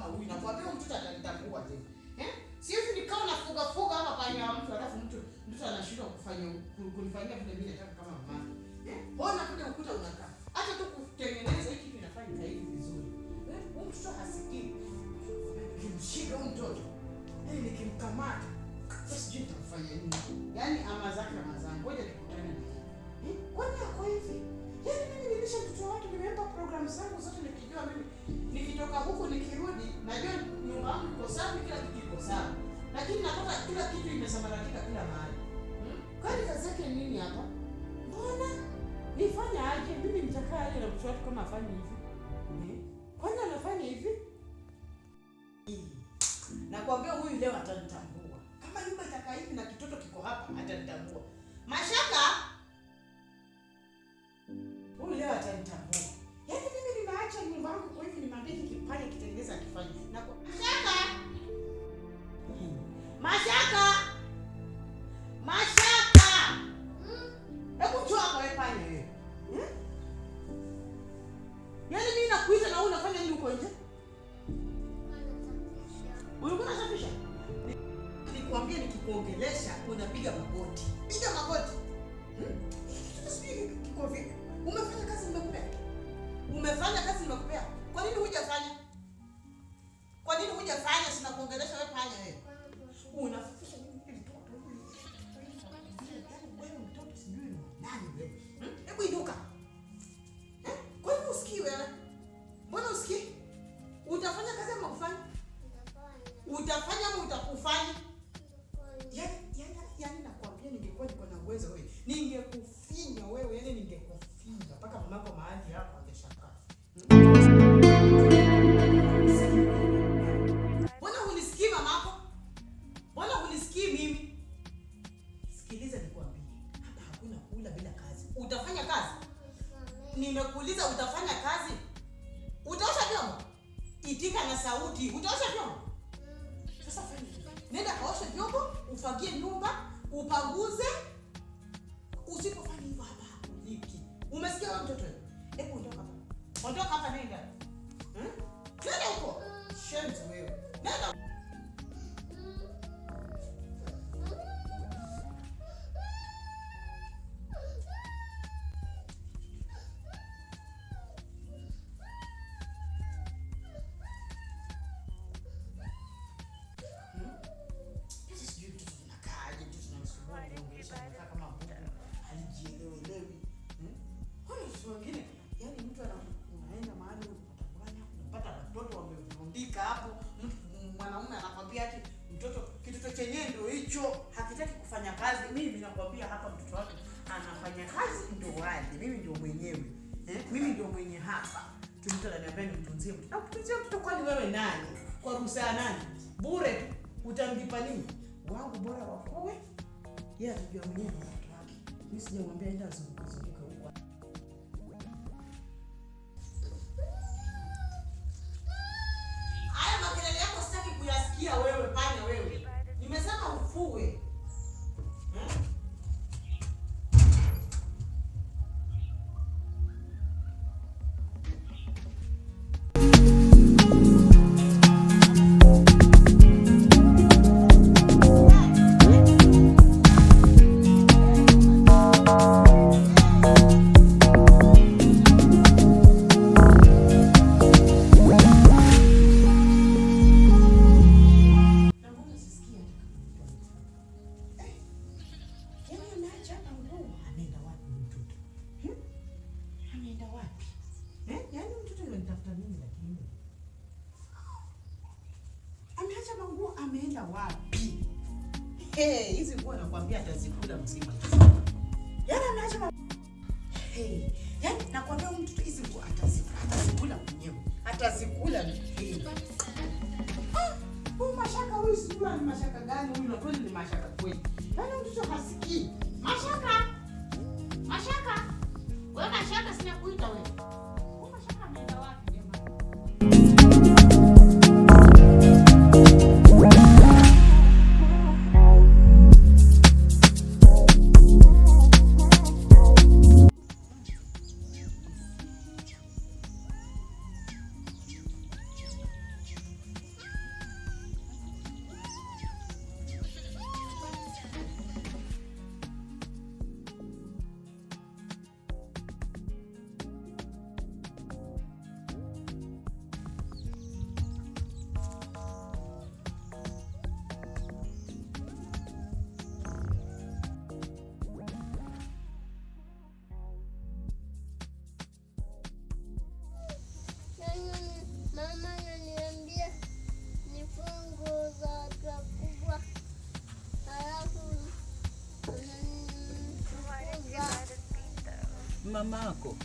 kama huyu na kwa vile mtoto atanitambua tena. Eh? Siwezi nikao na fuga fuga hapa panya wa mtu alafu mtu mtoto anashindwa kufanya kunifanyia vile mimi nataka kama mama. Eh? Bona kuja ukuta unakaa. Hata tu kutengeneza hiki kinafanyika hivi vizuri. Eh? Huyu mtoto hasikii. Kimshika mtoto. Eh, nikimkamata. Sasa je, tutafanya nini. Yaani ama zake na mazangu. Ngoja tukutane na yeye. Eh? Kwani yako hivi? Yaani mimi nilisha mtoto wangu nimeweka programu zangu zote nikijua mimi nikitoka huko niki najua nyumba yangu iko safi, kila kitu iko safi, lakini napata kila kitu imesambaratika kila mahali. Hmm? Kwani kazi yake nini hapa? Mbona nifanya aje? Mimi mtakaa aje na mtu watu kama afanye hivi? Hmm? Kwani anafanya hivi? Nakwambia huyu leo atanitambua kama nyumba itakaa hivi na kitoto kiko hapa, atanitambua. kukuongelesha unapiga magoti. Piga magoti. Hmm? Umefanya kazi nimekupea. Umefanya kazi nimekupea. Kwa nini hujafanya? kazi? Nimekuuliza utafanya kazi? Utaosha vyombo? Itika na sauti. Utaosha vyombo? Sasa fanya. Nenda kaosha vyombo, ufagie nyumba, upanguze. Usipofanya hivyo hapa uliki. Umesikia wewe mtoto? Hebu ondoka hapa. Ondoka hapa nenda. Hmm? Twende huko. Shemtu wewe. Nenda kichwa chenyewe ndio hicho, hakitaki kufanya kazi. Mimi nakwambia hapa, mtoto wake anafanya kazi ndio waje, mimi ndio mwenyewe eh? mimi ndio mwenye hapa. Mtu ananiambia nimtunzie mtoto, namtunzie mtoto kwani wewe nani? Kwa ruhusa ya nani? Bure utamlipa nini? Wangu bora wakowe yeye, atajua mwenyewe na watoto wake. Mimi sijamwambia enda azunguke zunguke ameenda wapi? Hey, Hizi nguo nakwambia atazikula mzima. Yaani anaacha hey, yaani nakwambia huyu mtoto hizi nguo atazikula atazikula mwenyewe. Atazikula hey. Ah, huyu mashaka huyu sijua ni mashaka gani huyu na kweli ni mashaka kweli. Yaani mtoto hasikii. Mashaka. Mashaka. Wewe mashaka sina kuita wewe. mamako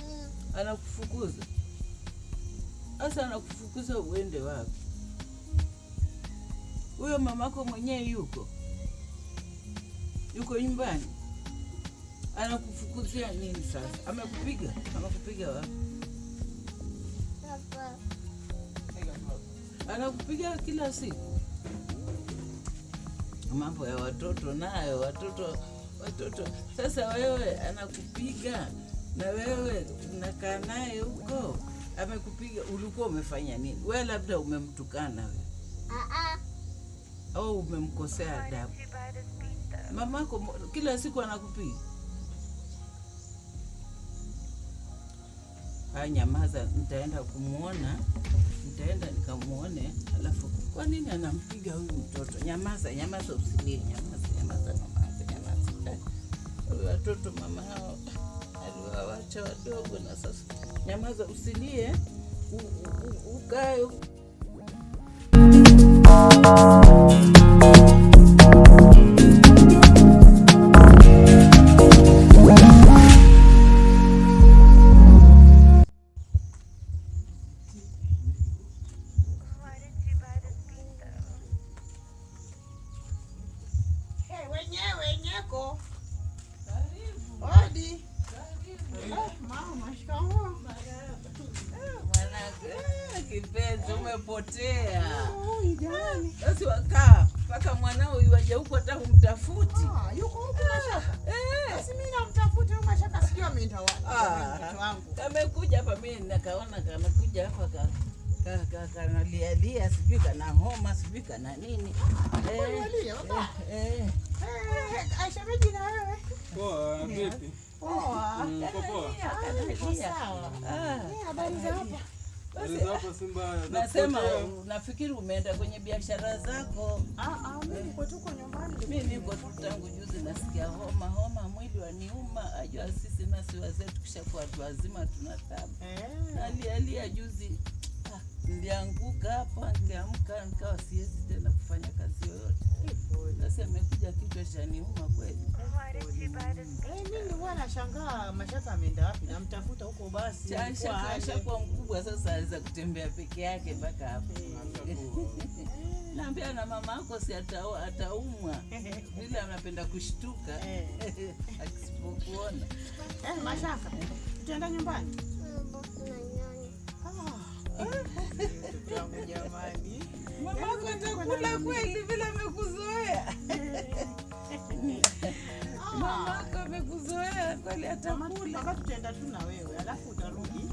mm. anakufukuza hasa anakufukuza uende wapi? Huyo mamako mwenyewe yuko yuko nyumbani, anakufukuzia nini sasa? Amekupiga, amekupiga wapi? Anakupiga kila siku. Mambo ya watoto nayo, watoto watoto. Sasa wewe anakupiga na wewe unakaa naye huko, amekupiga ulikuwa umefanya nini? We labda umemtukana wewe uh-uh. au umemkosea adabu. Mamako kila siku anakupiga. Haya, nyamaza, nitaenda kumwona, nitaenda nikamwone. Alafu kwa nini anampiga huyu mtoto? Nyamaza, nyamaza, usilie, nyamaza watoto mama hao aliwawacha wadogo, na sasa nyamaza, usilie ukae. kipenzi, umepotea. Ah, ah, eh. Basi wakaa mpaka mwanao iwaje huko, hata humtafuti kamekuja hapa. Mimi nakaona kanakuja hapa kanalialia, sijui kana homa, sijui kana nini. Habari za hapa Nasema nafikiri umeenda kwenye biashara zako. Ah, ah, mimi eh. niko tu tangu juzi, nasikia homa homa, mwili waniuma. Ajua sisi nasi wazee tukishakuwa watu wazima tunataba. Eh. Hali hali ya juzi ah, nilianguka hapa, nikaamka nikawa siwezi tena kufanya kazi yoyote. Sasa imekuja kichwa chaniuma kweli. Mimi Mashaka ameenda wapi, namtafuta huko basi. Ashakuwa mkubwa sasa, aweza kutembea peke yake mpaka hapo. Naambia na mama ako si ataumwa vile, anapenda kushtuka akisipokuona. Mashaka, tutaenda nyumbani mama yako atakula kweli vile wako amekuzoea kweli, atakula. Tutaenda tu na wewe alafu utarudi.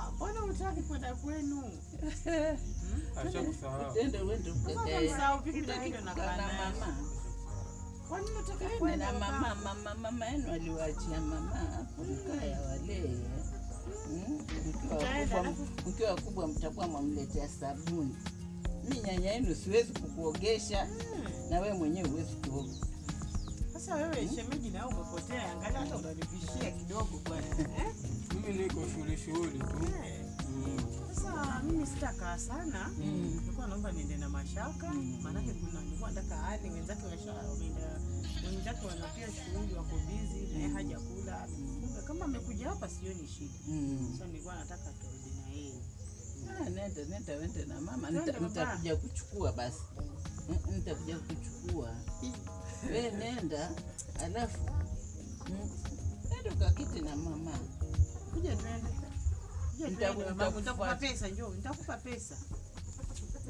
Ah, mbona utaki kwenda kwenu? Hmm? Na mama mama mama yenu aliwaachia mama hapo mkaya hmm? mkiwa kubwa mtakuwa mwamletea sabuni. Mi nyanya yenu siwezi kukuogesha, hmm. na wewe mwenyewe huwezi kuoga. Sasa wewe hmm? shemeji, na umepotea, angalia hata unanivishia kidogo bwana. Eh? Mimi niko shughuli shughuli tu. Eh. Hmm. Sasa mimi sitakaa sana, hmm. nilikuwa naomba niende na Mashaka, maanake kuna nilikuwa nataka ani wenzake washaenda, wenzake wanapia shughuli, wako bizi naye hajakula. Kumbe kama amekuja hapa, sioni shida. Sasa nilikuwa nataka tuende na yeye. Ah, nenda nenda, wende na mama, nitakuja kuchukua basi nitakuja kuchukua we nenda, alafu nenda ukakiti na mama, kuja nitakupa pesa, njoo nitakupa pesa,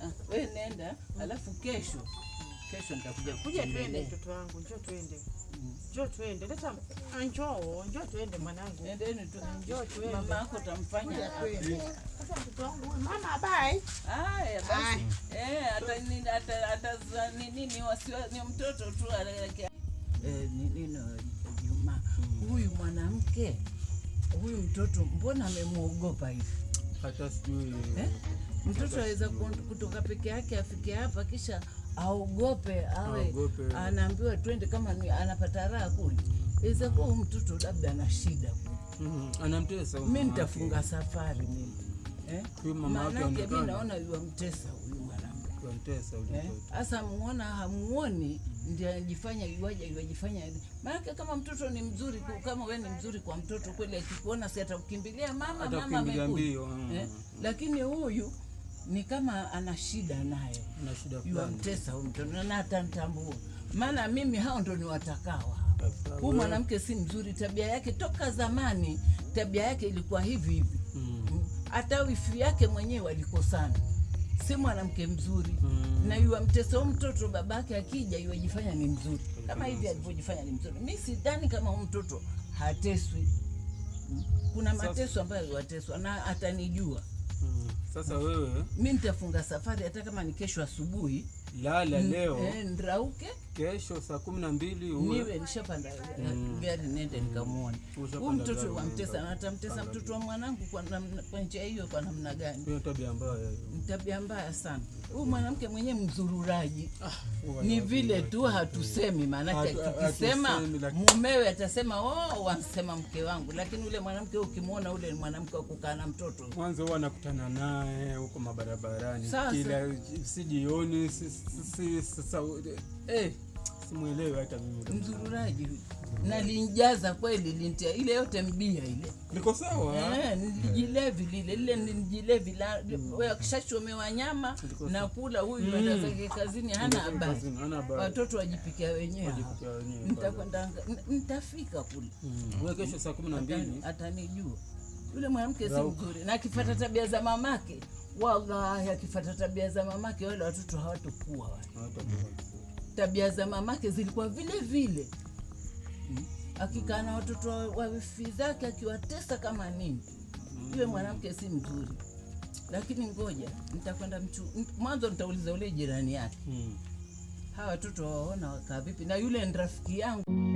ah, we nenda, alafu kesho Kesho nitakuja kuja. Twende mtoto wangu, njoo twende, mm. njoo twende. Leta ah, njoo, njoo twende mwanangu, endeni tu, njoo twende. Mama yako utamfanya mtoto wangu. Mama bye. Haya basi, eh, hata ni hata hata nini, ni mtoto tu anaelekea eh, ni nini Juma, mm. huyu mwanamke huyu mtoto mbona amemwogopa hivi? Hata sijui eh? mtoto aweza kutoka peke yake afike hapa kisha aogope awe anaambiwa twende, kama anapata raha kule, iza kuwa mtoto labda ana shida mm Anamtesa mi nitafunga safari mimi eh? Maanake mi naona yuwamtesa huyu mwanamke eh? hasa eh? Muona hamuoni, ndio anajifanya yuaja yuajifanya, maanake kama mtoto ni mzuri kwa, kama we ni mzuri kwa mtoto kweli, akikuona si atakukimbilia mama mama, amekuja eh? Mm-hmm. Lakini huyu ni kama ana shida nayo, ana shida mtesa huyu mtoto na hata maana mimi hao ndo watakawa Huyu mwanamke si mzuri, tabia yake toka zamani, tabia yake ilikuwa hivi hivi. Mm. Hata mm. wifi yake mwenyewe walikosana, si mwanamke mzuri mm. na mtesa huyu mtoto. Babake akija yuwajifanya ni mzuri kama hivi alivyojifanya ni mzuri. Mi sidhani kama huyu mtoto hateswi, kuna mateso ambayo wateswa na atanijua sasa wewe, mimi eh? nitafunga safari hata kama ni kesho asubuhi, lala leo eh, nrauke kesho saa kumi na mbili niwe nishapanda eh, mm. gari nende nikamwone huu mtoto wamtesa, natamtesa mtoto wa mwanangu kwa njia hiyo. Kwa namna gani? Tabia mbaya, tabia mbaya sana. Huu mwanamke mwenyewe mzururaji. Ah, ni vile tu hatusemi, maanake tukisema mumewe atasema oh, wamsema mke wangu. Lakini ule mwanamke ukimwona, ule mwanamke wa kukaa na mtoto, mwanzo huwa anakutana naye huko mabarabarani, kila si jioni hey. Eh, hata mimi mzururaji nalinjaza kweli, lintia ile yote mbia ile, niko sawa eh, nilijilevi lile lile, nilijilevi la wewe, kishachomewa nyama na kula. Huyu mm. zake kazini, hana habari, watoto wajipikia wenyewe. Nitakwenda nitafika kule mm. wewe kesho saa 12 atanijua yule mwanamke, si mzuri na akifuata tabia za mamake. Wallahi, akifata tabia za mamake, wale watoto hawatokuwa wale tabia za mamake zilikuwa vile vile Akikaa na watoto wa wifi zake akiwatesa kama nini mm. Yule mwanamke si mzuri, lakini ngoja nitakwenda mchu mwanzo, nitauliza ule jirani yake hmm. Hawa watoto waona wakaa vipi, na yule ni rafiki yangu.